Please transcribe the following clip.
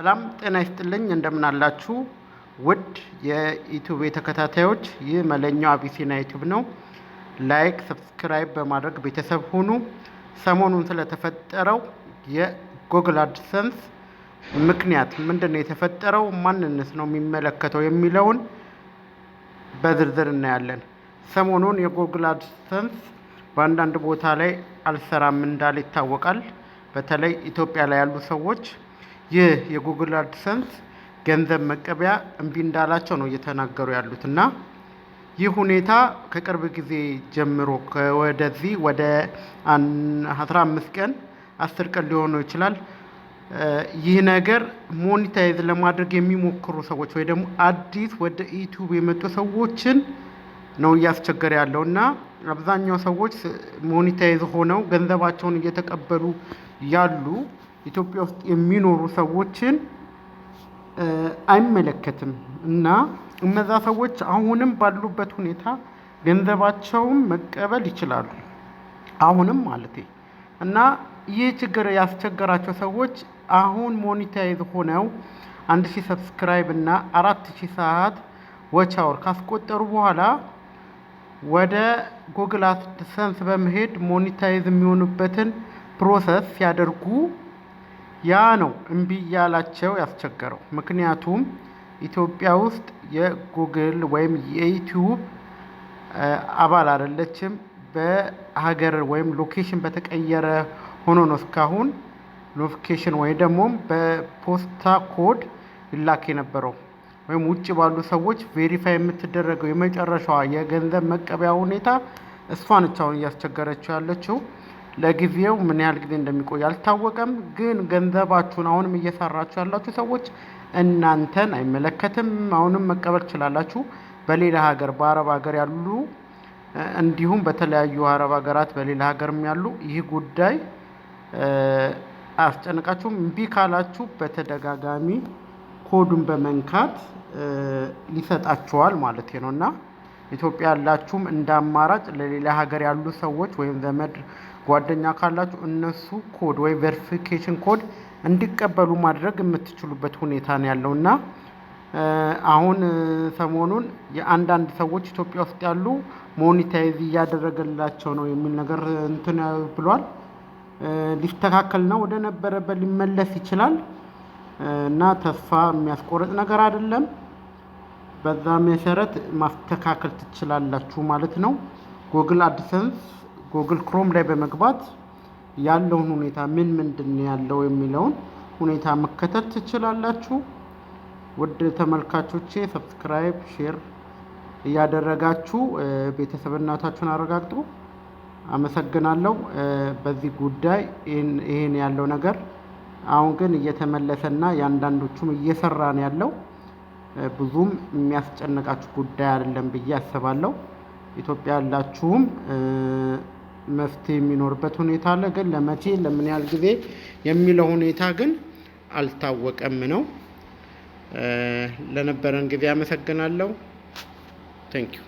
ሰላም ጤና ይስጥልኝ እንደምን አላችሁ? ውድ የዩቲዩብ ተከታታዮች ይህ መለኛው አቢሲና ዩቲዩብ ነው። ላይክ፣ ሰብስክራይብ በማድረግ ቤተሰብ ሁኑ። ሰሞኑን ስለተፈጠረው የጎግል አድሰንስ ምክንያት ምንድን ነው የተፈጠረው፣ ማንነት ነው የሚመለከተው የሚለውን በዝርዝር እናያለን። ሰሞኑን የጎግል አድሰንስ በአንዳንድ ቦታ ላይ አልሰራም እንዳለ ይታወቃል። በተለይ ኢትዮጵያ ላይ ያሉ ሰዎች ይህ የጉግል አድሰንስ ገንዘብ መቀበያ እምቢ እንዳላቸው ነው እየተናገሩ ያሉት እና ይህ ሁኔታ ከቅርብ ጊዜ ጀምሮ ወደዚህ ወደ አስራ አምስት ቀን አስር ቀን ሊሆነው ይችላል። ይህ ነገር ሞኒታይዝ ለማድረግ የሚሞክሩ ሰዎች ወይ ደግሞ አዲስ ወደ ዩቲዩብ የመጡ ሰዎችን ነው እያስቸገረ ያለው እና አብዛኛው ሰዎች ሞኒታይዝ ሆነው ገንዘባቸውን እየተቀበሉ ያሉ ኢትዮጵያ ውስጥ የሚኖሩ ሰዎችን አይመለከትም እና እነዛ ሰዎች አሁንም ባሉበት ሁኔታ ገንዘባቸውን መቀበል ይችላሉ። አሁንም ማለት እና ይህ ችግር ያስቸገራቸው ሰዎች አሁን ሞኒታይዝ ሆነው አንድ ሺህ ሰብስክራይብ እና አራት ሺህ ሰዓት ወቻወር ካስቆጠሩ በኋላ ወደ ጉግል አድሰንስ በመሄድ ሞኒታይዝ የሚሆኑበትን ፕሮሰስ ሲያደርጉ ያ ነው እምቢ እያላቸው ያስቸገረው። ምክንያቱም ኢትዮጵያ ውስጥ የጉግል ወይም የዩቲዩብ አባል አይደለችም። በሀገር ወይም ሎኬሽን በተቀየረ ሆኖ ነው እስካሁን ኖቲፊኬሽን ወይም ደግሞ በፖስታ ኮድ ይላክ የነበረው ወይም ውጭ ባሉ ሰዎች ቬሪፋይ የምትደረገው የመጨረሻዋ የገንዘብ መቀበያ ሁኔታ እሷን ነች እያስቸገረችው ያለችው። ለጊዜው ምን ያህል ጊዜ እንደሚቆይ አልታወቀም። ግን ገንዘባችሁን አሁንም እየሰራችሁ ያላችሁ ሰዎች እናንተን አይመለከትም። አሁንም መቀበል ትችላላችሁ። በሌላ ሀገር በአረብ ሀገር ያሉ እንዲሁም በተለያዩ አረብ ሀገራት በሌላ ሀገርም ያሉ ይህ ጉዳይ አያስጨንቃችሁም። እምቢ ካላችሁ በተደጋጋሚ ኮዱን በመንካት ይሰጣችኋል ማለት ነው እና ኢትዮጵያ ያላችሁም እንደ አማራጭ ለሌላ ሀገር ያሉ ሰዎች ወይም ዘመድ ጓደኛ ካላችሁ እነሱ ኮድ ወይ ቬሪፊኬሽን ኮድ እንዲቀበሉ ማድረግ የምትችሉበት ሁኔታ ነው ያለው እና አሁን ሰሞኑን የአንዳንድ ሰዎች ኢትዮጵያ ውስጥ ያሉ ሞኒታይዝ እያደረገላቸው ነው የሚል ነገር እንትን ብሏል። ሊስተካከልና ወደ ነበረበት ሊመለስ ይችላል እና ተስፋ የሚያስቆርጥ ነገር አይደለም። በዛ መሰረት ማስተካከል ትችላላችሁ ማለት ነው። ጎግል አድሰንስ ጉግል ክሮም ላይ በመግባት ያለውን ሁኔታ ምን ምንድን ያለው የሚለውን ሁኔታ መከተል ትችላላችሁ። ውድ ተመልካቾቼ ሰብስክራይብ፣ ሼር እያደረጋችሁ ቤተሰብነታችሁን አረጋግጡ። አመሰግናለሁ። በዚህ ጉዳይ ይህን ያለው ነገር አሁን ግን እየተመለሰና የአንዳንዶቹም እየሰራ ነው ያለው። ብዙም የሚያስጨንቃችሁ ጉዳይ አይደለም ብዬ አስባለሁ። ኢትዮጵያ ያላችሁም መፍትሄ የሚኖርበት ሁኔታ አለ። ግን ለመቼ ለምን ያህል ጊዜ የሚለው ሁኔታ ግን አልታወቀም ነው። ለነበረን ጊዜ አመሰግናለሁ። ታንኪዩ